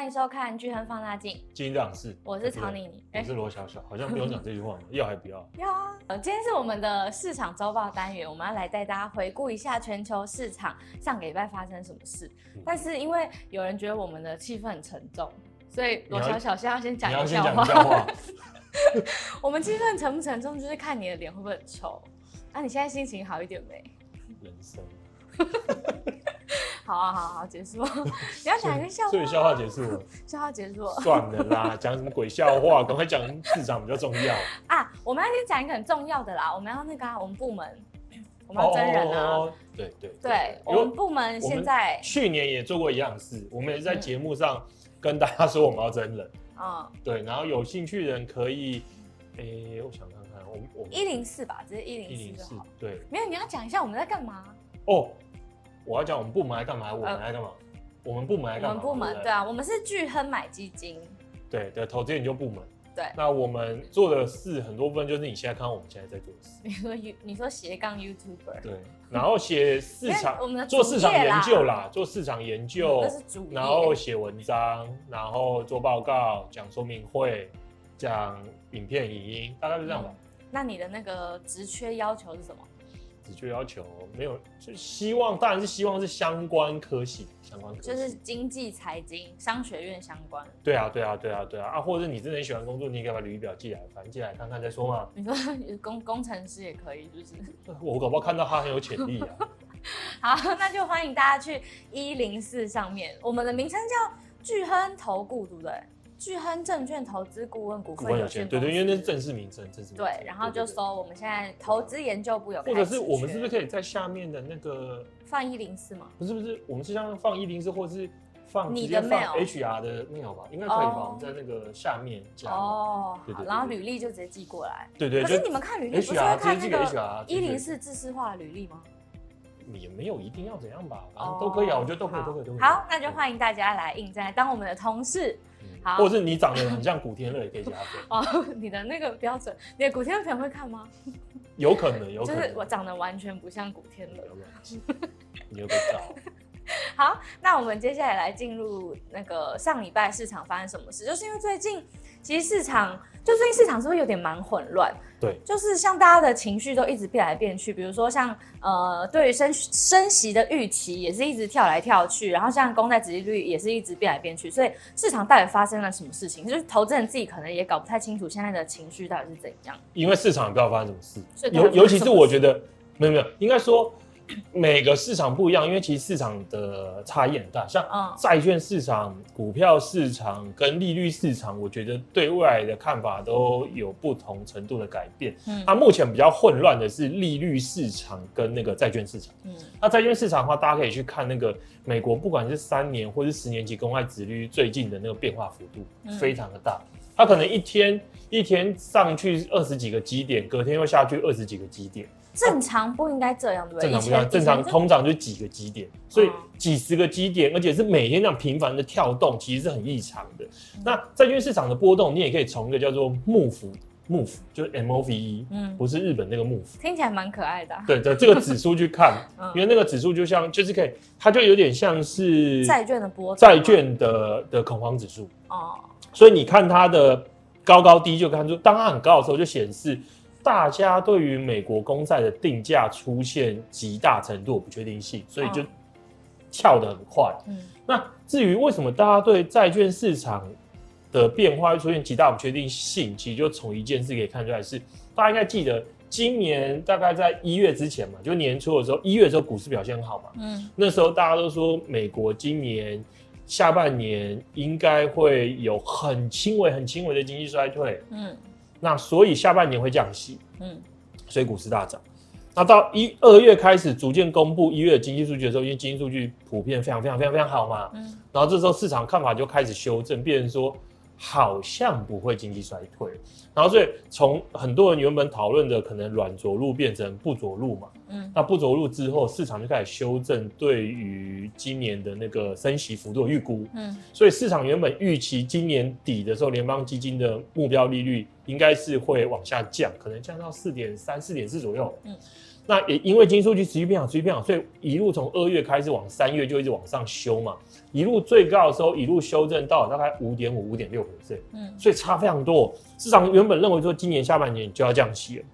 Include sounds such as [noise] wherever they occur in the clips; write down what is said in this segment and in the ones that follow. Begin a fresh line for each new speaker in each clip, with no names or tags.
歡迎收看《鉅亨放大鏡》，
金章是，我是曹妮妮，我是羅小小，欸，好像不用講這句話。 [laughs] 要還不要？
要啊！今天是我們的市場週報單元，我們要來帶大家回顧一下全球市場上個禮拜發生什麼事。但是因為有人覺得我們的氣氛很沉重，所以羅小小先要先講一下話。 [laughs] 我們氣氛沉不沉重，就是看你的臉會不會很醜。啊，你現在心情好一點沒？
人生。 [laughs]
好啊，好好、啊、結束。 [laughs] 你要講一個笑話，所以
笑話結束， [laughs] 笑話結
束了算了啦，
講什麼鬼笑話？趕 [laughs] 快講市場比較重要
[laughs] 啊！我們要先講一個很重要的啦，我們要那個、啊、我們部門我們要真人啊，oh, oh, oh, oh, 對對對，對，我們部門現在、oh,
去年也做過一樣事，我們也是在節目上跟大家說我們要真人啊，oh. 對，然後有興趣的人可以，哎、欸，我想看看，我我一
零四吧，只是一零
四就好
對，沒有你要講一下我們在幹嘛哦。Oh.
我要講我們部門來幹嘛、呃？我們來幹嘛？我們部門來幹嘛？我們部門，對
啊，我們是鉅亨買基金。
對的，投資研究部門。對，那我們做的事很多部分就是你現在看到我們現在在做的事。
你說你說斜槓 YouTuber。
對，然後寫市場，我們做市場研究啦，做市場研究，嗯嗯、然後寫文章，然後做報告、講說明會、講影片、影音，大概是這樣吧、
嗯。那你的那個職缺要求是什麼？
就要求沒有，就希望當然是希望是相關科系，相關科系就是
經濟、財經、商學院相關。
對啊，對啊，對啊，對啊啊！或者是你真的很喜歡工作，你可以把履歷表寄來，反正寄來看看再說嘛。你
說工工程師也可以，就是我搞不好看
到他很有潛力。啊。
[laughs] 好，那就歡迎大家去一零四上面，我們的名稱叫鉅亨投顧，對不對？鉅亨證券投資顧問股份有限公司，對，
對對，因為那是正式名稱，正式名
稱。對，然後就說我們現在投資研究部有對對對對，或者是我們是
不是可以在下面的那個
放一零四嗎？
不是不是，我們是想放一零四，或者是放你的 mail，HR 的 mail 吧，應該可以吧，我們在那個下面
加哦。Oh, 對對，對，對好，然後履歷就直接寄過來，對對，對。可是你們看履歷，不是會看那個一零四制式化履歷嗎，啊
就是？也沒有一定要怎樣吧，都可以啊，我覺得都可以，oh, 都可以，好都可以好。好，
那就歡迎大家來應徵當我們的同事。或者是你
長得很像古天樂，也可以加分。
[laughs] 哦，你的那個標準，你的古天樂朋友會看嗎？
有可能，有可能就是我
長得完全不像古天樂。有有 [laughs] 你又不好， [laughs] 好，那我們接下來來進入那個上禮拜市場發生什麼事，就是因為最近。其實市場就最近市場，是不是有點蠻混亂？對，就是像大家的情緒都一直變來變去，比如說像呃，對於升升息的預期也是一直跳來跳去，然後像公債殖利率也是一直變來變去，所以市場到底發生了什麼事情？就是投資人自己可能也搞不太清楚現在的情緒到底是怎樣，
因為市場不知道發生什麼事，尤尤其是我覺得，沒有沒有，應該說。每個市場不一樣，因為其實市場的差異很大。像債券市場、股票市場跟利率市場，我覺得對未來的看法都有不同程度的改變。嗯，那、啊、目前比較混亂的是利率市場跟那個債券市場。嗯，那、啊、債券市場的話，大家可以去看那個美國，不管是三年或是十年期公債殖利率，最近的那個變化幅度非常的大。它、嗯啊、可能一天一天上去二十幾個基點，隔天又下去二十幾個基點。
正常不應該這樣，哦、對不對？正常不應該，正常通
常就幾個基點，嗯，所以幾十個基點，而且是每天那樣頻繁的跳動，其實是很異常的。嗯、那債券市場的波動，你也可以從一個叫做 MOVE，MOVE 就是 M O V E，嗯，不是日本那個 MOVE，
聽起來蠻可愛的、啊。對對這個指
數去看， [laughs] 因為那個指數就像就是可以，它就有點像是債券的波
動，債
券的的恐慌指數哦。所以你看它的高高低，就看出當它很高的時候，就顯示。大家對於美國公債的定價出現極大程度不確定性，所以就跳得很快。啊。嗯，那至於為什麼大家對債券市場的變化會出現極大不確定性，其實就從一件事可以看出來是，是大家應該記得，今年大概在一月之前嘛，嗯，就年初的時候，一月的時候股市表現很好嘛。嗯，那時候大家都說美國今年下半年應該會有很輕微、很輕微的經濟衰退。嗯。那所以下半年會降息，嗯，所以股市大漲。那到一二月開始逐漸公布一月的經濟數據的時候，因為經濟數據普遍非常非常非常非常好嘛，嗯，然後這時候市場看法就開始修正，變成說。好像不會經濟衰退，然後所以從很多人原本討論的可能軟着陸變成不着陸嘛，嗯，那不着陸之後，市場就開始修正對於今年的那個升息幅度的預估，嗯，所以市場原本預期今年底的時候，聯邦基金的目標利率應該是會往下降，可能降到四點三、四點四左右，嗯。那也因為經濟數據持續變好，持續變好，所以一路從二月開始往三月就一直往上修嘛，一路最高的時候一路修正到大概五點五、五點六 percent，嗯，所以差非常多。市場原本認為說今年下半年就要降息了，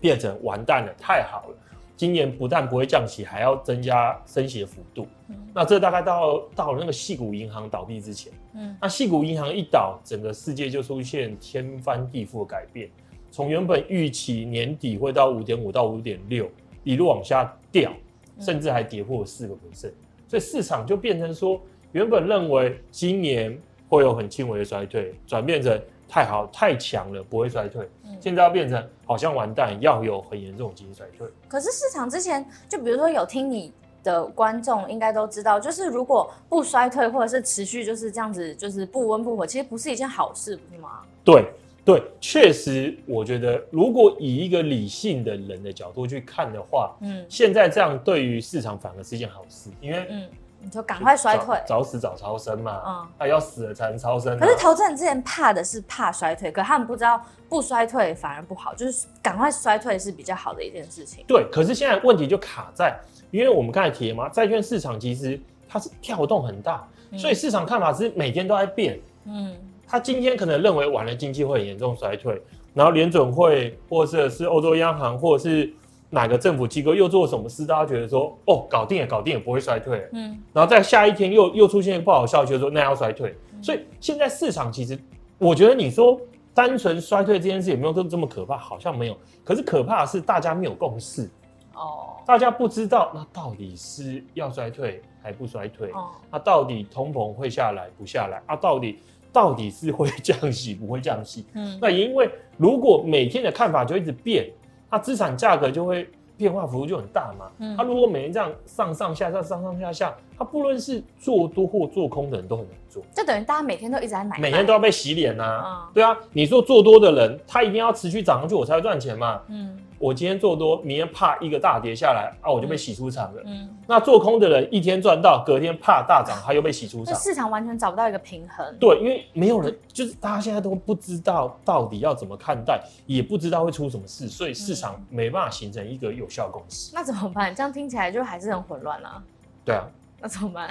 變成完蛋了，太好了，今年不但不會降息，還要增加升息的幅度。嗯、那這大概到到了那個矽谷銀行倒閉之前，嗯，那矽谷銀行一倒，整個世界就出現天翻地覆的改變。從原本預期年底會到五點五到五點六一路往下掉，甚至還跌破四個百分點，所以市場就變成說，原本認為今年會有很輕微的衰退，轉變成太好太強了，不會衰退，嗯、現在要變成好像完蛋，要有很嚴重的經濟衰
退。
可是市場之前就比如說有聽你的觀眾應該都知道，就是如果不衰退或者是持續就是這樣子，就是不溫不火，其實不是一件好事，不是嗎？
對。對，確實，我覺得如果以一個理性的人的角度去看的話，嗯，現在這樣對於市場反而是一件好事，
因為嗯，你就趕快衰退早，早
死早超生嘛，嗯，啊，要死了才能超生，啊。可是
投資人之前怕的是怕衰退，可是他們不知道不衰退反而不好，就是趕快衰退是比較好的一件事情。
對，可是現在問題就卡在，因為我們剛才提了嘛，債券市場其實它是跳動很大，嗯，所以市場看法是每天都在變，嗯。他今天可能認為完了，經濟會很嚴重衰退，然後聯準會或者是歐洲央行或者是哪個政府機構又做什麼事，大家覺得說哦，搞定也搞定了，也不會衰退。嗯，然後在下一天又又出現不好消息就是說，說那要衰退，嗯。所以現在市場其實，我覺得你說單純衰退這件事也沒有這麼這麼可怕，好像沒有。可是可怕的是大家沒有共識。哦，大家不知道那到底是要衰退還不衰退？哦，那、啊、到底通膨會下來不下來？啊，到底？到底是會降息，不會降息？嗯，那因為如果每天的看法就一直變，它資產價格就會變化幅度就很大嘛。嗯，它如果每天這樣上上下下、上上下下，它不論是做多或做空的人都很難做。
這等於大家每天都一直在買，每
天都要被洗臉啊、哦、對啊，你說做多的人，他一定要持續漲上去，我才會賺錢嘛。嗯。我今天做多，明天怕一個大跌下來，啊，我就被洗出場了。嗯，嗯，那做空的人一天賺到，隔天怕大漲，他又被洗出場。啊，市
場完全找不到一個平衡。對，因
為沒有人，就是大家現在都不知道到底要怎麼看待，也不知道會出什麼事，所以市場沒辦法形成一個有效共識，嗯。
那怎麼辦？這樣聽起來就還是很混亂啊。對啊。那怎麼辦？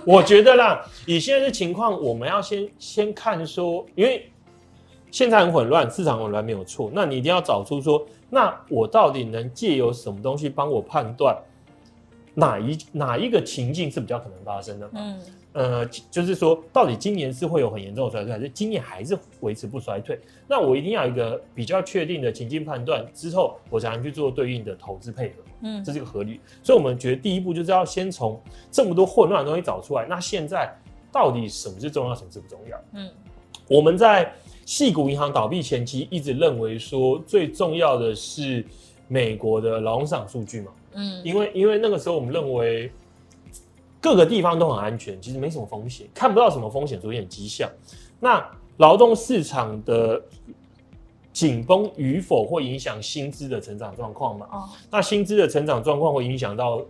[laughs]
我覺得啦，以現在的情況，我們要先先看說，因為。現在很混亂，市場混亂沒有錯。那你一定要找出說，那我到底能借由什麼東西幫我判斷哪一哪一個情境是比較可能發生的嗎？嗯，呃，就是說，到底今年是會有很嚴重的衰退，還是今年還是維持不衰退？那我一定要有一個比較確定的情境判斷之後，我才能去做對應的投資配合。嗯，這是一個合理。嗯、所以，我們覺得第一步就是要先從這麼多混亂的東西找出來。那現在到底什麼是重要，什麼是不重要？嗯，我們在。矽谷銀行倒閉前期一直認為說最重要的是美國的勞動市場數據嘛，嗯，因為因為那個時候我們認為各個地方都很安全，其實沒什麼風險，看不到什麼風險，所以很吉祥。那勞動市場的緊繃與否會影響薪資的成長狀況嘛？哦，那薪資的成長狀況會影響到。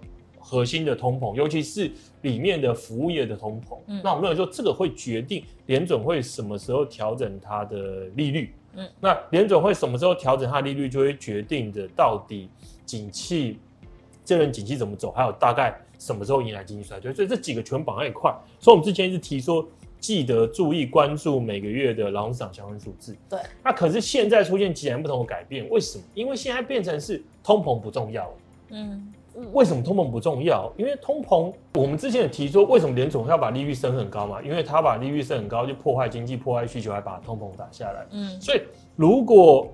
核心的通膨，尤其是裡面的服務業的通膨，嗯，那我們認為說這個會決定聯準會什麼時候調整它的利率，嗯，那聯準會什麼時候調整它的利率，就會決定着到底景氣，這輪景氣怎麼走，還有大概什麼時候迎來經濟衰退，所以這幾個全綁在一塊。所以我們之前一直提說，記得注意關注每個月的勞工市場相關數字，對。那可是現在出現截然不同的改變，為什麼？因為現在變成是通膨不重要，嗯。
為
什麼通膨不重要？因為通膨，我們之前也提說，為什麼聯總要把利率升很高嘛？因為他把利率升很高，就破壞經濟、破壞需求，還把通膨打下來。嗯，所以如果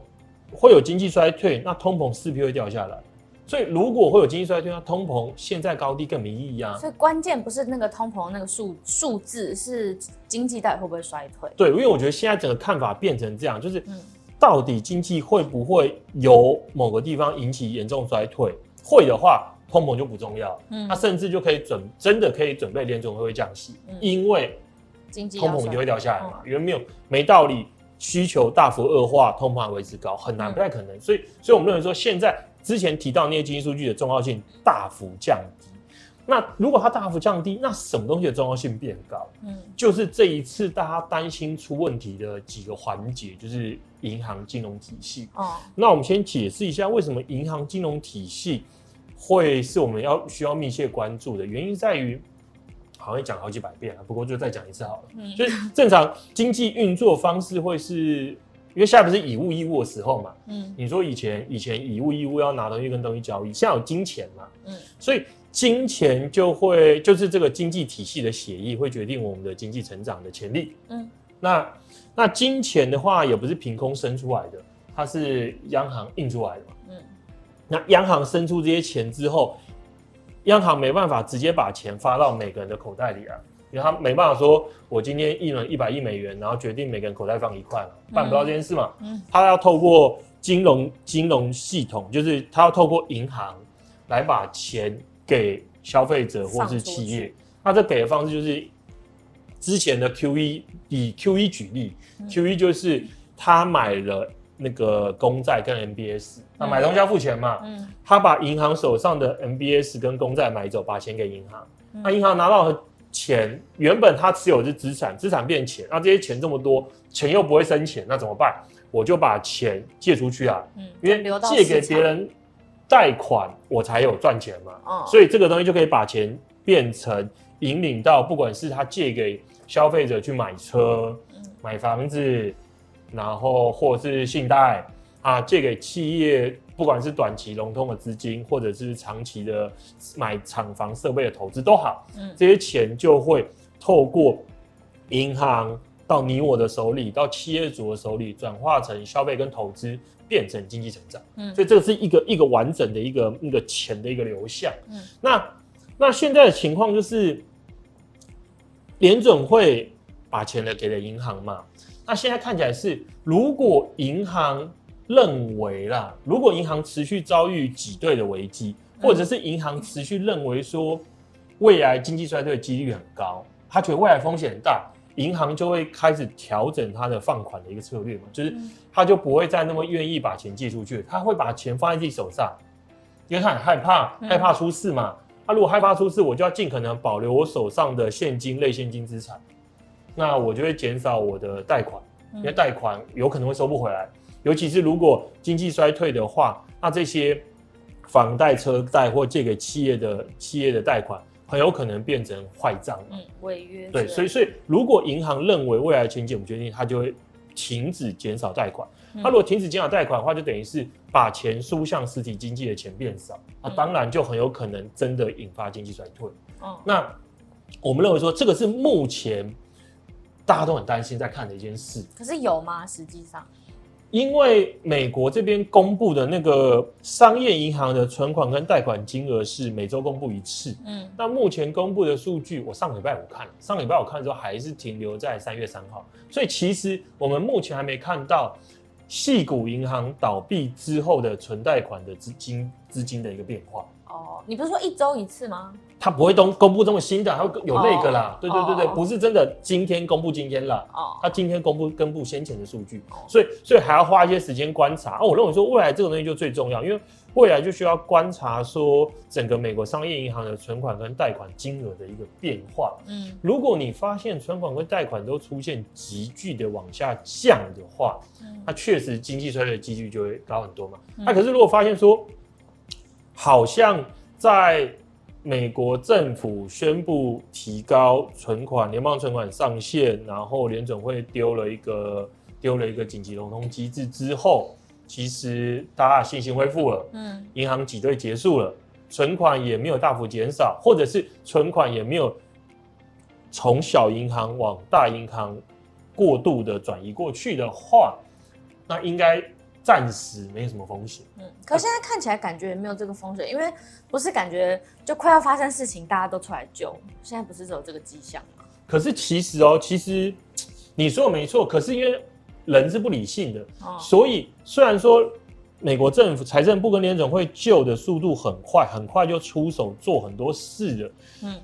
會有經濟衰退，那通膨勢必會掉下來。所以如果會有經濟衰退，那通膨現在高低更沒意義啊。所
以關鍵不是那個通膨那個數數字是經濟到底會不會衰退？對，
因為我覺得現在整個看法變成這樣，就是到底經濟會不會由某個地方引起嚴重衰退？會的話，通膨就不重要，嗯，它、啊、甚至就可以準真的可以準備聯準會會降息，嗯，因為
通膨就會掉下來嘛，哦，因
為沒有沒道理需求大幅惡化，通膨還維持高很難，不太可能，嗯，所以所以我們認為說，嗯，現在之前提到那些經濟數據的重要性大幅降低，嗯，那如果它大幅降低，那什麼東西的重要性變高？嗯，就是這一次大家擔心出問題的幾個環節，就是銀行金融體系哦。那我們先解釋一下為什麼銀行金融體系。會是我們要需要密切關注的原因在於，好像講好幾百遍了，不過就再講一次好了。嗯，就是正常經濟運作方式會是，因為現在不是以物易物的時候嘛。嗯，你說以前以前以物易物要拿東西跟東西交易，現在有金錢嘛。嗯，所以金錢就會就是這個經濟體系的血液會決定我們的經濟成長的潛力。嗯，那那金錢的話也不是憑空生出來的，它是央行印出來的。嗯。那央行生出這些錢之後，央行沒辦法直接把錢發到每個人的口袋裡啊，因為他沒辦法說，我今天印了一百億美元，然後決定每個人口袋放一塊了，辦不到這件事嘛。他要透過金融金融系統，就是他要透過銀行來把錢給消費者或是企業。那這給的方式就是之前的 QE，以 QE 舉例，QE 就是他買了。那個公債跟 MBS，那買東西要付錢嘛，嗯，嗯，他把銀行手上的 MBS 跟公債買走，把錢給銀行。嗯、那銀行拿到的錢，原本他持有的資產，資產變錢，那、啊、這些錢這麼多，錢又不會生錢，那怎麼辦？我就把錢借出去啊，嗯，
因為借給別人
貸款，我才有賺錢嘛、嗯，所以這個東西就可以把錢變成引領到，不管是他借給消費者去買車、嗯、買房子。然後，或是信貸啊，借給企業，不管是短期融通的資金，或者是長期的買廠房設備的投資都好，嗯，這些錢就會透過銀行到你我的手裡，到企業主的手裡，轉化成消費跟投資，變成經濟成長，嗯，所以這個是一個一個完整的一個一個錢的一個流向，嗯，那那現在的情況就是，聯準會把錢呢給了銀行嘛。那現在看起來是，如果銀行認為啦，如果銀行持續遭遇擠兌的危機，或者是銀行持續認為說未來經濟衰退的幾率很高，他覺得未來風險很大，銀行就會開始調整它的放款的一個策略嘛，就是他就不會再那麼願意把錢借出去，他會把錢放在自己手上，因為他很害怕，害怕出事嘛。他、嗯啊、如果害怕出事，我就要盡可能保留我手上的現金，類現金資產。那我就會減少我的貸款，因為貸款有可能會收不回來，嗯、尤其是如果經濟衰退的話，那這些房貸、車貸或借給企業的企業的貸款，很有可能變成壞賬了、
嗯。違約。對，對
所以所以如果銀行認為未來的前景不確定，它就會停止減少貸款。那、嗯、如果停止減少貸款的話，就等於是把錢輸向實體經濟的錢變少。那、嗯啊、當然就很有可能真的引發經濟衰退。哦，那我們認為說這個是目前。大家都很擔心在看的一件事，
可是有嗎？實際上，
因為美國這邊公布的那個商業銀行的存款跟貸款金額是每周公布一次，嗯，那目前公布的數據，我上禮拜五看了，上禮拜我看的時候還是停留在三月三號，所以其實我們目前還沒看到矽谷銀行倒閉之後的存貸款的資金資金的一個變化。哦、
oh,，你不是說一周一次嗎？
他不會東公布這麼新的，他會有那個啦。Oh, 對對對對，oh. 不是真的，今天公布今天了。哦，他今天公布公布先前的數據，所以所以還要花一些時間觀察。哦，我認為說未來這個東西就最重要，因為未來就需要觀察說整個美國商業銀行的存款跟貸款金額的一個變化。嗯，如果你發現存款跟貸款都出現急劇的往下降的話，那、嗯、確實經濟衰退的幾率就會高很多嘛。那、嗯啊、可是如果發現說。好像在美國政府宣布提高存款、聯邦存款上限，然後聯準會丟了一個丟了一個緊急融通機製之後，其實大家信心恢復了，嗯，銀行擠兌結束了，存款也沒有大幅減少，或者是存款也沒有從小銀行往大銀行過度的轉移過去的話，那應該。暫時沒什麼風險，嗯，
可現在看起來感覺也沒有這個風險，嗯，因為不是感覺就快要發生事情，大家都出來救，現在不是只有這個跡象嗎？
可是其實哦，其實你說的沒錯，可是因為人是不理性的，哦，所以雖然說美國政府財政部跟聯準會救的速度很快，很快就出手做很多事了，嗯，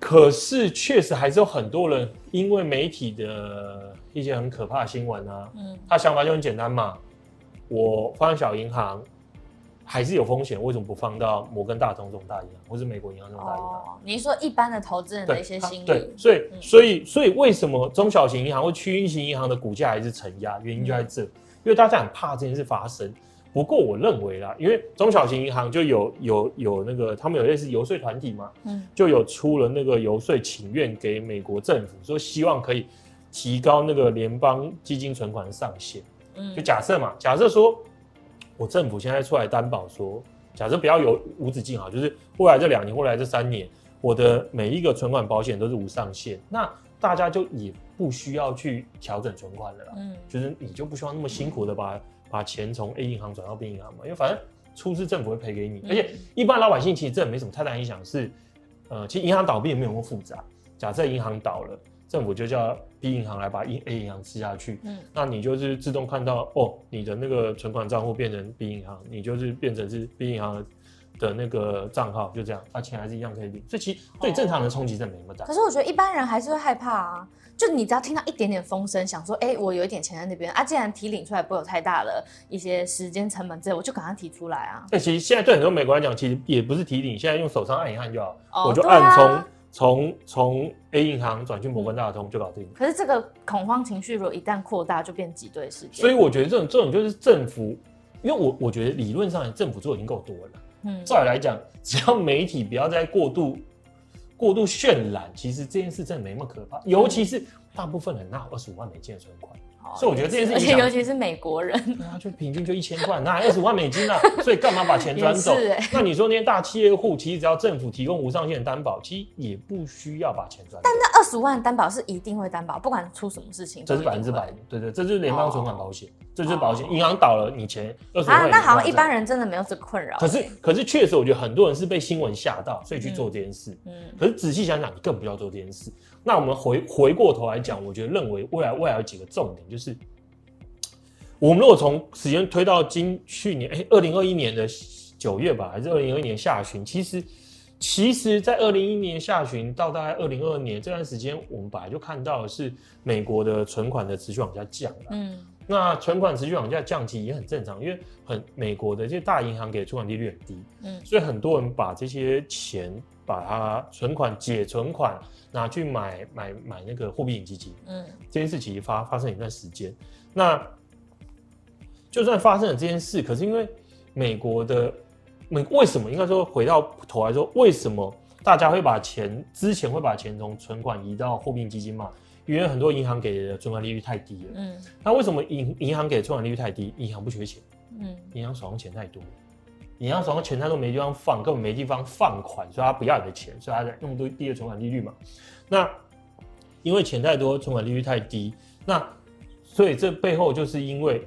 可是確實還是有很多人因為媒體的一些很可怕的新聞啊，嗯，他想法就很簡單嘛。我放小銀行還是有風險，為什麼不放到摩根大通這種大銀行，或是美國銀行這種
大銀行、啊？是、哦、你說一般的投資人的一些心理，對，啊、
對所以、嗯、所以所以為什麼中小型銀行或區域型銀行的股價還是承壓？原因就在這、嗯，因為大家很怕這件事發生。不過我認為啦，因為中小型銀行就有有有那個他們有類似游說团體嘛，嗯，就有出了那個游說請願給美國政府，說希望可以提高那個聯邦基金存款的上限。就假設嘛，假設說，我政府現在出來擔保說，假設不要有無止境啊，就是未來這兩年、未來這三年，我的每一個存款保險都是無上限，那大家就也不需要去調整存款了啦。嗯，就是你就不需要那麼辛苦的把、嗯、把錢從 A 銀行轉到 B 銀行嘛，因為反正出事政府會賠給你、嗯，而且一般老百姓其實這也沒什麼太大影響，是呃，其實銀行倒閉也沒有那麼複雜、啊。假設銀行倒了。政府就叫 B 銀行來把 A 銀行吃下去，嗯，那你就是自動看到哦，你的那個存款賬戶變成 B 銀行，你就是變成是 B 銀行的那個賬號，就這樣，他錢還是一樣可以領，所以其實對正常的衝擊是沒那麼
大、哦。可是我覺得一般人還是會害怕啊，就你只要聽到一點點風聲，想說，哎、欸，我有一點錢在那邊啊，既然提領出來不會有太大的一些時間成本，之類我就趕快提出來啊。對、
欸，其實現在對很多美國來講，其實也不是提領，現在用手上按一按就好，哦、我就按衝、啊。從從 A 銀行轉去摩根大通就搞定了。可
是這個恐慌情緒如果一旦擴大，就變擠兌事件。所以我
覺得這種這種就是政府，因為我我覺得理論上政府做已經夠多了。
嗯，
再
來講，只要媒體不要再過度過度渲染，其實這件事真的沒那麼可怕。尤其是大部分人拿二十五萬美金的存款。哦、所以我覺得這件事情，尤
其是美國人，對啊，就
平均就一千塊，啊，那還二十萬美金呢？啊，所以幹嘛把錢轉走。欸，那你說那些大企業戶，其實只要政府提供無上限擔保，其實也不需要把錢轉。但
那二十萬擔保是一定會擔保，不管出什麼事情，這是百分之百。
對對，對，這是聯邦存款保險、哦，這就是保險。銀行倒了，你錢二十萬。啊，那好像一般
人真的沒有這個困擾。可是
可是確實，我覺得很多人是被新聞嚇到，所以去做這件事。嗯，可是仔細想想，你更不要做這件事。那我們回回過頭來講，我覺得認為未來未來有幾個重點就是，我們如果從時間推到今去年，哎、欸，二零二一年的九月吧，還是二零二一年下旬？其實，其實，在二零二一年下旬到大概二零二二年這段時間，我們本來就看到的是美國的存款的持續往下降
了。嗯，
那存款持續往下降其實也很正常，因為很美國的這些大銀行給的存款利率很低，嗯，所以很多人把這些錢。把它存款解存款拿去買買買那個貨幣基金，嗯，這件事情發發生了一段時間。那就算發生了這件事，可是因為美國的美為什麼應該說，回到頭來說，為什麼大家會把錢之前會把錢從存款移到貨幣基金嘛？因為很多銀行給的存款利率太低了，嗯。那為什麼銀銀行給的存款利率太低？銀行不缺錢，嗯，銀行手上錢太多。銀行手上錢太多，沒地方放，根本沒地方放款，所以他不要你的錢，所以他有那麼多低的存款利率嘛。那因為錢太多，存款利率太低，那所以這背後就是因為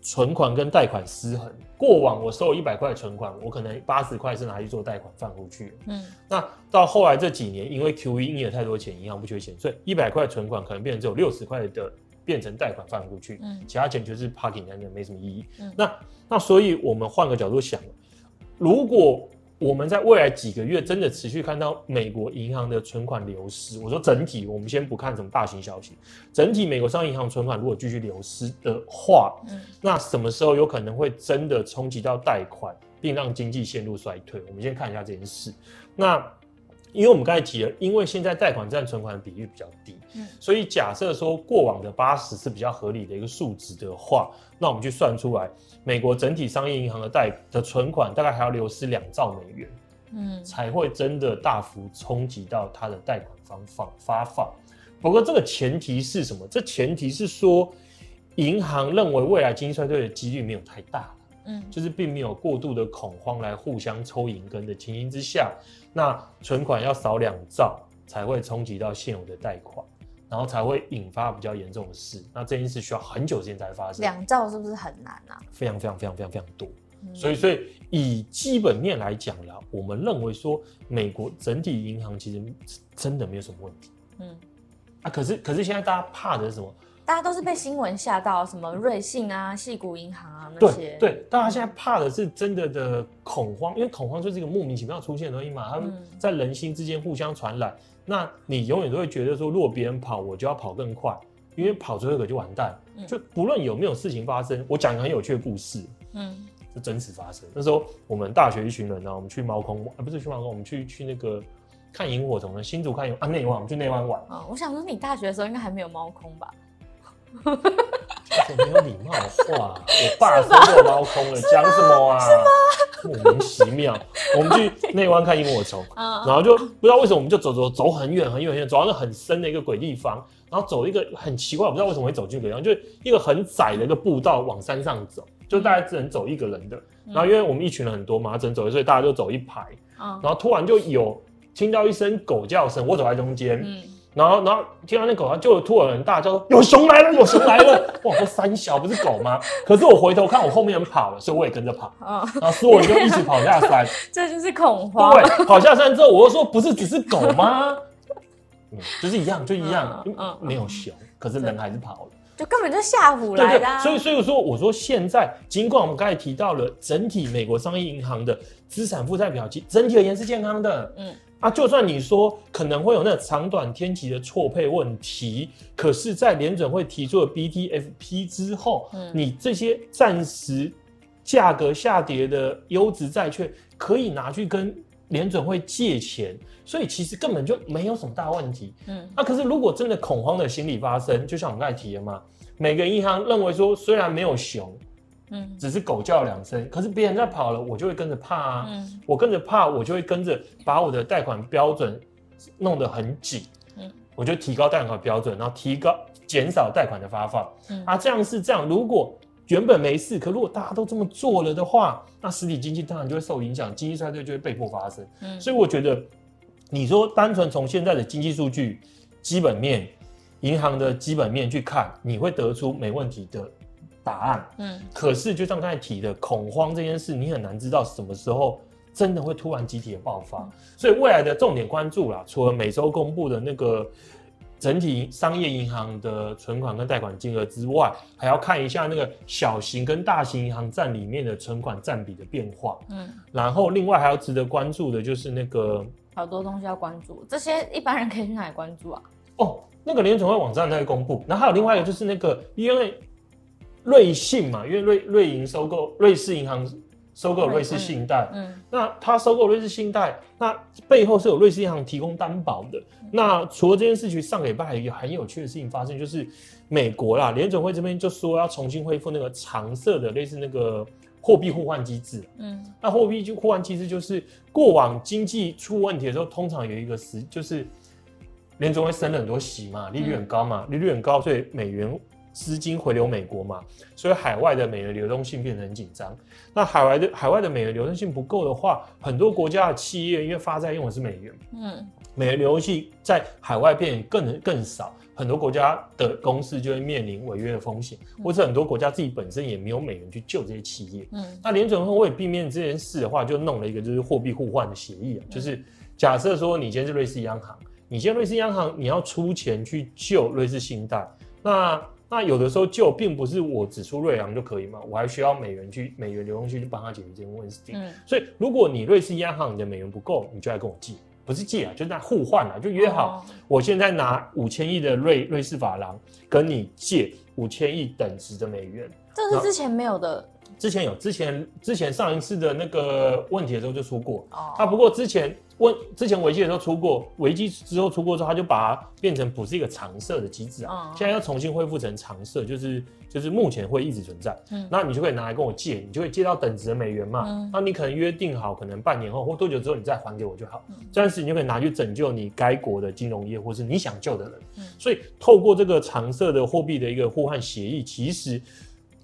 存款跟貸款失衡。過往我收一百塊存款，我可能八十塊是拿去做貸款放出去。嗯，那到後來這幾年，因為 QE 印了太多錢，銀行不缺錢，所以一百塊存款可能變成只有六十塊的。變成貸款放出去，其他錢就是 parking 的，沒什麼意義。嗯、那那所以，我們換個角度想，如果我們在未來幾個月真的持續看到美國銀行的存款流失，我說整體，我們先不看什麼大型消息，整體美國商業銀行存款如果繼續流失的話，嗯，那什麼時候有可能會真的衝擊到貸款，並讓經濟陷入衰退？我們先看一下這件事。那，因為我們剛才提了，因為現在貸款占存款的比率比較低，嗯，所以假設說過往的八十是比較合理的一個數值的話，那我們去算出來，美國整體商業銀行的貸的存款大概還要流失兩兆美元，嗯，才會真的大幅衝擊到它的貸款方法發放。不過這個前提是什麼？這前提是說，銀行認為未來經濟衰退的幾率沒有太大，
嗯，就是
並沒有過度的恐慌來互相抽銀根的情形之下。那存款要少兩兆才會衝擊到現有的貸款，然後才會引發比較嚴重的事。那這件事需要很久時間才發生。
兩兆是不是很難啊？非常
非常非常非常非常多。嗯。所以所以以基本面來講呢，我們認為說，美國整體銀行其實真的沒有什麼問題。嗯。啊，可是可是現在大家怕的是什麼？
大家都是被新聞嚇到，什麼瑞信啊、矽谷銀行啊那些對。對，
大家現在怕的是真的的恐慌，因為恐慌就是一個莫名其妙出現的東西嘛。他們在人心之間互相傳染、嗯，那你永遠都會覺得說，如果別人跑，我就要跑更快，嗯、因為跑最後一個就完蛋、嗯。就不論有沒有事情發生，我講一個很有趣的故事，嗯，是真實發生。那時候我們大學一群人呢、啊，我們去貓空，啊不是去貓空，我們去去那個看螢火蟲的，新竹看螢啊內灣，我們去內灣玩。啊、
嗯，我想說你大學的時候應該還沒有貓空吧？
哈，這沒有禮
貌的話 [laughs] ，
我爸說就貓空了，講什麼啊？莫名其妙。 [laughs] 我們去內灣看螢火蟲， [laughs] 然後就不知道為什麼我們就走走走很遠很遠很遠，走到那很深的一個鬼地方，然後走一個很奇怪，我不知道為什麼會走進鬼地方，就一個很窄的一個步道往山上走，就大概只能走一個人的。然後因為我們一群人很多嘛，只能走，所以大家就走一排。然後突然就有聽到一聲狗叫聲，我走在中間。嗯然後，然後聽到那狗，然後就突然有人大叫說：“有熊來了！有熊來了！” [laughs] 哇，說三小不是狗嗎？可是我回頭看，我後面人跑了，所以我也跟着跑。啊、
哦！然後所有人就一起跑下山。 [laughs] 這就是恐慌。對，
跑下山之後，我就說：“不是只是狗嗎？” [laughs] 嗯，就是一樣，就一樣、啊嗯就嗯，沒有熊，可是人還是跑
了。就根本就嚇唬來、啊、對，不對，所以，
所以我說，我說現在，儘管我們剛才提到了整體美國商業銀行的資產負債表情，其整體而言是健康的。嗯。啊，就算你說可能會有那個長短天期的錯配問題，可是，在聯準會提出了 BTFP 之後，嗯，你這些暫時價格下跌的優質債券可以拿去跟聯準會借錢，所以其實根本就沒有什麼大問題。嗯，那、啊、可是如果真的恐慌的心理發生，就像我剛才提的嘛，每個銀行認為說雖然沒有熊。只是狗叫兩聲，可是別人在跑了，我就會跟着怕啊。嗯、我跟着怕，我就會跟着把我的貸款標準弄得很緊、嗯。我就提高貸款標準，然後提高減少貸款的發放、嗯。啊，這樣是這樣。如果原本沒事，可如果大家都這麼做了的話，那實體經濟當然就會受影響，經濟衰退就會被迫發生。嗯、所以我覺得，你說單純從現在的經濟數據基本面、銀行的基本面去看，你會得出沒問題的答案，嗯，可是就像剛才提的，恐慌這件事，你很難知道什麼時候真的會突然集體的爆發。嗯，所以未來的重點關注啦，除了每周公布的那個整體商業銀行的存款跟貸款金額之外，還要看一下那個小型跟大型銀行占裡面的存款占比的變化，嗯，然後另外還要值得關注的就是那個
好多東西要關注，這些一般人可以去哪裡關注啊？
哦，那個聯準會網站那裡公布，然後還有另外一個就是那個因為瑞信嘛，因為瑞瑞銀收購瑞士銀行，收購瑞士信貸，嗯，那他收購瑞士信貸，那背後是有瑞士銀行提供擔保的。那除了這件事情，上個禮拜還有很有趣的事情發生，就是美國啦，聯準會這邊就說要重新恢復那個常設的類似那個貨幣互換機制，嗯，那貨幣就互換機制就是過往經濟出問題的時候，通常有一個時就是聯準會升了很多息嘛，利率很高嘛、嗯，利率很高，所以美元。資金回流美國嘛，所以海外的美元流動性變得很緊張。那海外的海外的美元流動性不夠的話，很多國家的企業因為發債用的是美元，嗯，美元流動性在海外變得更更少，很多國家的公司就會面臨違約的風險，嗯，或者很多國家自己本身也沒有美元去救這些企業。嗯，那聯準會為避免這件事的話，就弄了一個就是貨幣互換的協議啊，就是假設說你今天是瑞士央行，你今天瑞士央行你要出錢去救瑞士信貸，那那有的時候就並不是我只出瑞郎就可以嘛，我還需要美元去美元流動性去幫他解決這個問題。嗯。所以如果你瑞士央行你的美元不夠，你就來跟我借，不是借啊，就在互換了啊，就約好，我現在拿五千億的瑞瑞士法郎跟你借五千億等值的美元。這是之前沒有的。之前有之前之前上一次的那個問題的時候就出過，哦、啊，不過之前問之前危機的時候出過危機之後出過之後他就把它變成不是一個常設的機制啊，哦、現在要重新恢復成常設，就是就是目前會一直存在，嗯，那你就可以拿來跟我借，你就會借到等值的美元嘛，嗯，那你可能約定好，可能半年後或多久之後你再還給我就好，這樣子你就可以拿去拯救你該國的金融業或是你想救的人，嗯，所以透過這個常設的貨幣的一個互換協議，其實。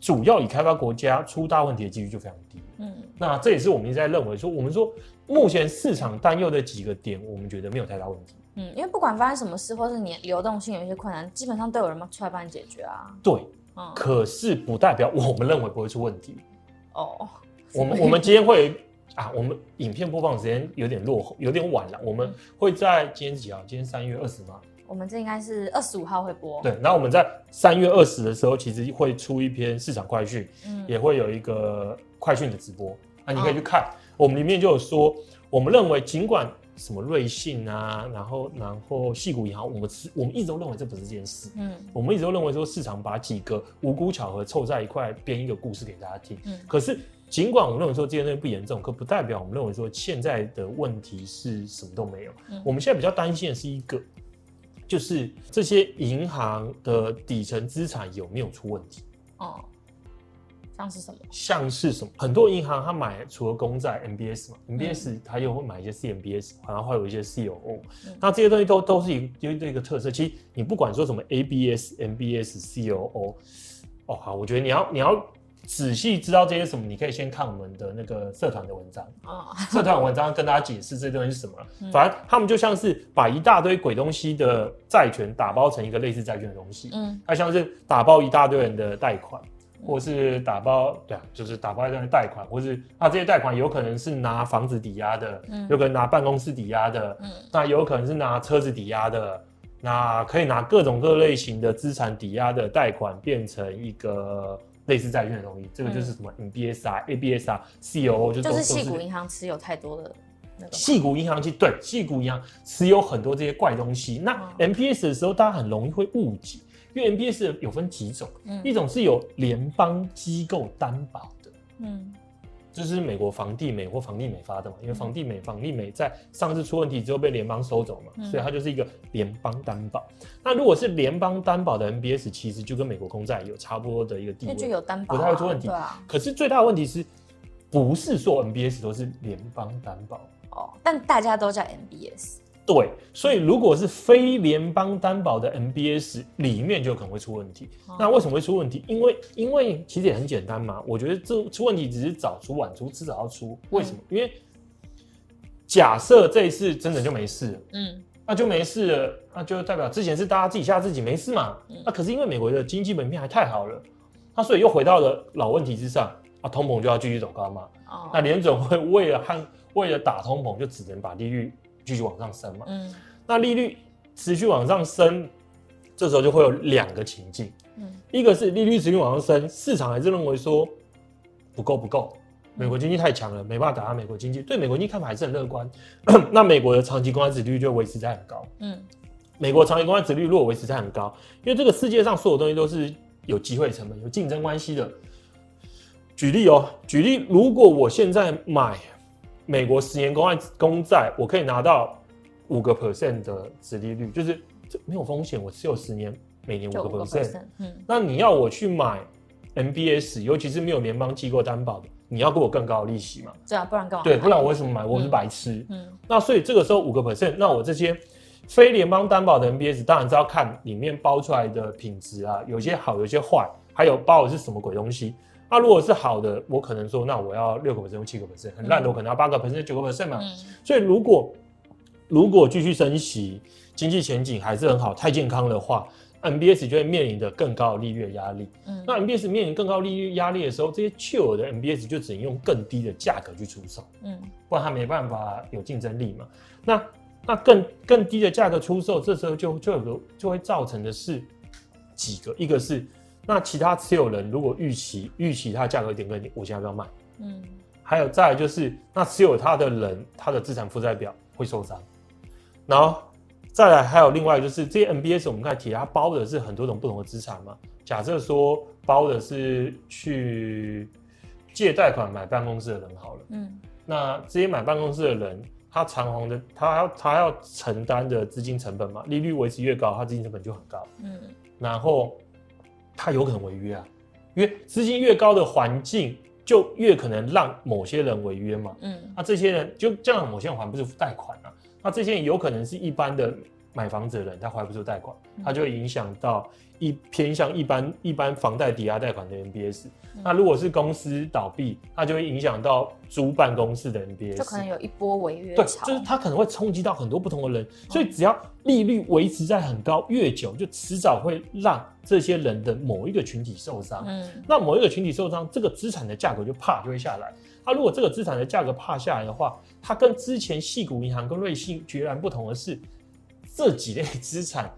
主要以開發國家出大問題的幾率就非常低。
嗯，
那這也是我們一直在認為說，我們說目前市場擔憂的幾個點，我們覺得沒有太大問題。嗯，
因為不管發生什麼事，或是你流動性有一些困難，基本上都有人出來幫你解決啊。對。嗯。
可是不代表我們認為不會出問題。
哦。我們我們
今天會啊，我們影片播放時間有點落後，有點晚了。我們會在今天幾號？今天三月二十八？
我們這應該是二十五號會播，對。然後我們在
三月二十的時候，其實會出一篇市場快訊，嗯，也會有一個快訊的直播，啊、嗯，那你可以去看。我們裡面就有說，我們認為儘管什麼瑞信啊，然後然後矽谷銀行，我們是，我們一直都認為這不是這件事。嗯。我們一直都認為說，市場把幾個無辜巧合湊在一塊，編一個故事給大家聽。嗯。可是儘管我們認為說這件事不嚴重，可不代表我們認為說現在的問題是什麼都沒有。嗯。我們現在比較擔心的是一個。就是這些銀行的底層資產有沒有出問題？哦，
像是什麼？
像是什麼？很多銀行它買除了公債、MBS 嘛、嗯、，MBS 它又會買一些 CMBS，好像會有一些 CLO、嗯、那這些東西都都是、就是、一就這個特色。其實你不管說什麼 ABS、MBS、CLO 哦，好，我覺得你要你要。仔細知道這些什麼？你可以先看我們的那個社團的文章，啊、哦，社團文章跟大家解釋這些東西是什麼、嗯。反正他們就像是把一大堆鬼東西的債權打包成一個類似債券的東西。嗯，它、啊、像是打包一大堆人的貸款、嗯，或是打包，對啊，就是打包一大堆貸款，或是那這些貸款有可能是拿房子抵押的，嗯、有可能拿辦公室抵押的，嗯，那有可能是拿車子抵押的，嗯、那可以拿各種各類型的資產抵押的貸款變成一個。類似債券的東西，這個就是什麼 MBS 啊、嗯、ABS 啊、CLO，就，就是矽谷銀
行持有太多的，那
矽谷銀行去對矽谷銀行持有很多這些怪東西。那 MBS 的時候、哦，大家很容易會誤解，因為 MBS 有分幾種，嗯、一種是有聯邦機構擔保的，嗯。就是美國房地美或房利美發的嘛，因為房地美、房利美在上次出問題之後被聯邦收走嘛，所以它就是一個聯邦擔保、嗯。那如果是聯邦擔保的 MBS 其實就跟美國公債有差不多的一個地位，那就有
擔保、啊，不太會出問題。對啊，
可是最大的問題是不是說 MBS 都是聯邦擔保？哦，
但大家都叫 MBS
對，所以如果是非聯邦擔保的 MBS 裡面就可能會出問題。那為什麼會出問題？因為因為其實也很簡單嘛。我覺得這出問題只是早出晚出，遲早要出。為什麼？嗯、因為假設這一次真的就沒事了，嗯，那就沒事了，那就代表之前是大家自己嚇自己沒事嘛。那可是因為美國的經濟基本面還太好了，那所以又回到了老問題之上啊，通膨就要繼續走高嘛。嗯、那聯準會為了捍為了打通膨，就只能把利率。繼續往上升嘛，嗯，那利率持續往上升，這時候就會有兩個情境。嗯，一個是利率持續往上升，市場還是認為說不夠不夠，美國經濟太強了，嗯，沒辦法打壓美國經濟。對美國經濟看法還是很樂觀。 [coughs] 那美國的長期公債殖利率就維持在很高。嗯，美國長期公債殖利率如果維持在很高，因為這個世界上所有東西都是有機會成本、有競爭關係的。舉例哦，喔，舉例，如果我現在買。美國十年公債，公債我可以拿到五個 percent 的殖利率，就是這沒有風險，我持有十年每年五個 percent。個 percent, 嗯，那你要我去買 MBS，尤其是沒有聯邦機構擔保的，你要給我更高的利息嘛？嗯、
對啊，不然幹嘛？對，不
然我為什麼買？我是白痴。嗯，嗯，那所以這個時候五個 percent，那我這些非聯邦擔保的 MBS 當然是要看裡面包出來的品質啊，有些好，有些壞，還有包的是什麼鬼東西。那如果是好的，我可能說，那我要六個 percent，用七個 percent，很爛的我可能要八個 percent、九個 percent 嘛。嗯。所以如果如果繼續升息，經濟前景還是很好，太健康的話，MBS 就會面臨的更高的利率壓力。嗯。那 MBS 面臨更高利率壓力的時候，這些舊的 MBS 就只能用更低的價格去出售。嗯。不然它沒辦法有競爭力嘛。那那更更低的價格出售，這時候就就有個就會造成的是幾個，一個是。那其他持有人如果預期預期它價格有點問題，我現在要不要
賣？
嗯，還有再來就是，那持有它的人，他的資產負債表會受傷。然後再來還有另外就是，這些 MBS 我們看，它包的是很多種不同的資產嘛。假設說包的是去借貸款買辦公室的人好了，嗯，那這些買辦公室的人，他償還的他要他要承擔的資金成本嘛，利率維持越高，他資金成本就很高，嗯，然後。他有可能違約啊，因為資金越高的環境就越可能讓某些人違約嘛。嗯，啊，這些人就這樣，某些人還不出貸款啊。那這些人有可能是一般的買房子的人，他還不出貸款，他就會影響到。一偏向一般一般房貸抵押貸款的 MBS，、嗯、那如果是公司倒閉，那就會影響到租辦公室的 MBS，就可能有
一波違約潮。對，就
是它可能會衝擊到很多不同的人，嗯、所以只要利率維持在很高，越久就遲早會讓這些人的某一個群體受傷。嗯，那某一個群體受傷，這個資產的價格就啪就會下來。它如果這個資產的價格啪下來的話，它跟之前矽谷銀行跟瑞信截然不同的是，這幾類資產。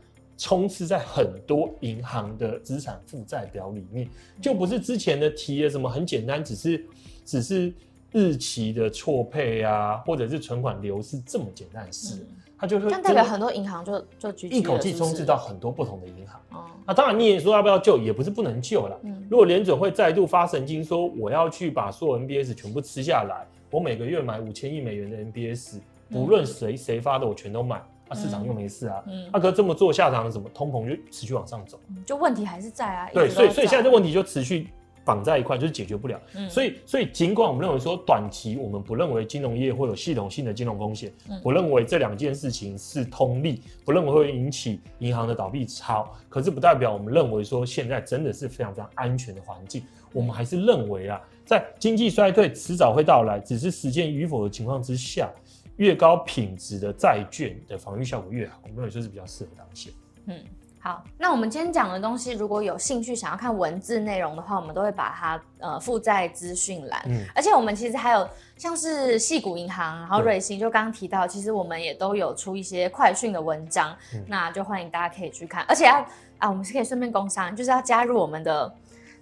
充斥在很多銀行的資產負債表裡面，就不是之前的提的什麼很簡單，只是只是日期的錯配啊，或者是存款流失這麼簡單的事。嗯、它就是代表很
多銀行就就局局是是一口氣充斥
到很多不同的銀行。那、哦啊、當然你也說要不要救，也不是不能救了、嗯。如果聯準會，再度發神經說，我要去把所有 MBS 全部吃下來，我每個月買五千億美元的 MBS，不論誰誰發的我全都買。嗯嗯啊、市場又沒事啊，阿、嗯、哥、啊、這麼做，下場怎麼？通膨就持續往上走，嗯，
就問題還是在啊。對，所以所以現在這
問題就持續綁在一塊，就是解決不了。嗯、所以所以儘管我們認為說短期我們不認為金融業會有系統性的金融風險，嗯，不認為這兩件事情是通力，不認為會引起銀行的倒閉潮，可是不代表我們認為說現在真的是非常非常安全的環境，嗯。我們還是認為啊，在經濟衰退遲早會到來，只是時間與否的情況之下。越高品質的債券的防御效果越好，我們認為就是比較適合當下。嗯，
好，那我們今天講的東西，如果有興趣想要看文字內容的話，我們都會把它呃附在資訊欄。嗯，而且我們其實還有像是矽谷銀行，然後瑞信，就剛剛提到、嗯，其實我們也都有出一些快訊的文章、嗯，那就歡迎大家可以去看。而且啊、嗯、啊，我們可以順便工商就是要加入我們的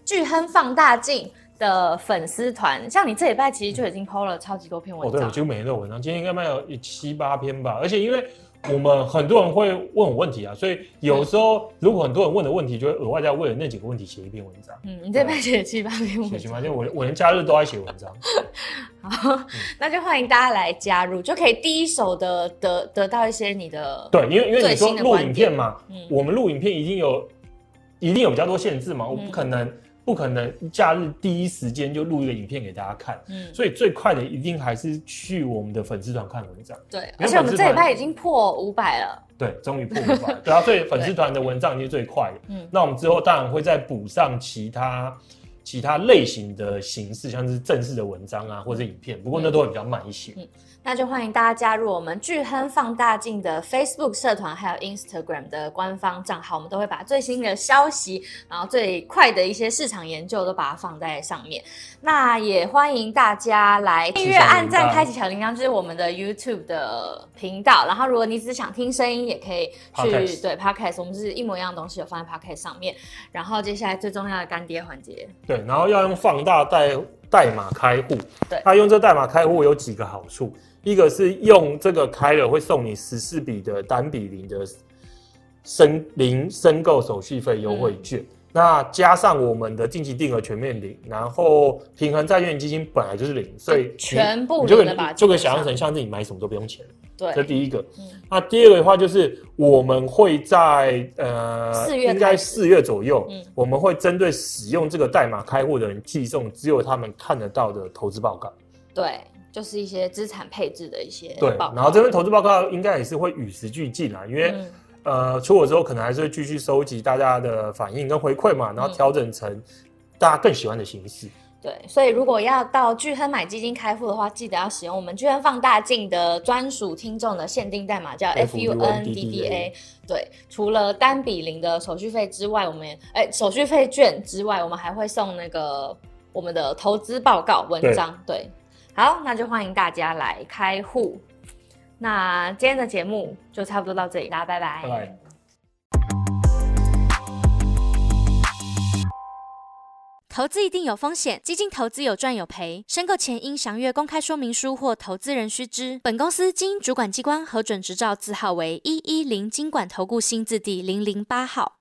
鉅亨放大鏡的粉絲團，像你這禮拜其實就已經 po 了超級多篇文章。哦，對，我就
每一有文章，今天應該有七八篇吧。而且因為我們很多人會問我問題啊，所以有時候如果很多人問的問題，就會額外再為了那幾個問題寫一篇文章。
嗯，你這禮拜寫七八篇文章，
寫七八篇，我我連假日都愛寫文章。文章
[laughs] 好，嗯，那就歡迎大家來加入，就可以第一手的得得到一些你的，的對，因為因為你說錄影片嘛，嗯、
我們錄影片一定有一定有比較多限制嘛，我不可能。不可能，假日第一時間就錄一個影片給大家看。嗯，所以最快的一定還是去我們的粉絲團看文章。
對，而且我們這禮拜已經破五百了，對，終於破五
百。然 [laughs] 後、啊、所以粉絲團的文章已經最快了。嗯，那我們之後當然會再補上其他。其他類型的形式，像是正式的文章啊，或者影片，不過那都會比較慢一些嗯。嗯，
那就歡迎大家加入我們鉅亨放大鏡的 Facebook 社團，還有 Instagram 的官方賬號，我們都會把最新的消息，然後最快的一些市場研究都把它放在上面。那也歡迎大家來訂閱、按讚、開啟小鈴鐺，就是我們的 YouTube 的頻道。然後，如果你只是想聽聲音，也可以去 Podcast。對，Podcast，我們就是一模一樣的東西，有放在 Podcast 上面。然後，接下來最重要的乾爹環節，對。
然後要用放大代代碼開戶，對，他、啊、用這代碼開戶有幾個好處，一個是用這個開了會送你十四筆的單筆零的申零申購手續費優惠券。嗯那加上我們的定期定額全面零，然後平衡債券基金本來就是零，所以全部就可想象成像自己買什麼都不用錢。對，這第一個。那、嗯啊、第二個的話就是我、呃嗯，我們會在呃四月應該四月左右，我們會針對使用這個代碼開戶的人寄送只有他們看得到的投資報告。
對，就是一些資產配置的一些對。然後這份投
資報告應該也是會與時俱進啊，因為、嗯。呃，出貨之後可能還是會繼續收集大家的反應跟回饋嘛，然後調整成大家更喜歡的
形式。嗯、對，所以如果要到鉅亨買基金開戶的話，記得要使用我們鉅亨放大鏡的專屬聽眾的限定代碼，叫 FUNDDA。對，除了單筆零的手續費之外，我們也、哎、欸、手續費券之外，我們還會送那個我們的投資報告文章對。對，好，那就歡迎大家來開戶。那今天的節目就差不多到這裡啦，拜拜，拜拜。投資一定有風險，基金投資有賺有賠，申購前應詳閱公開說明書或投資人須知。本公司經主管機關核准執照字號為一一零金管投顧新字第零零八號。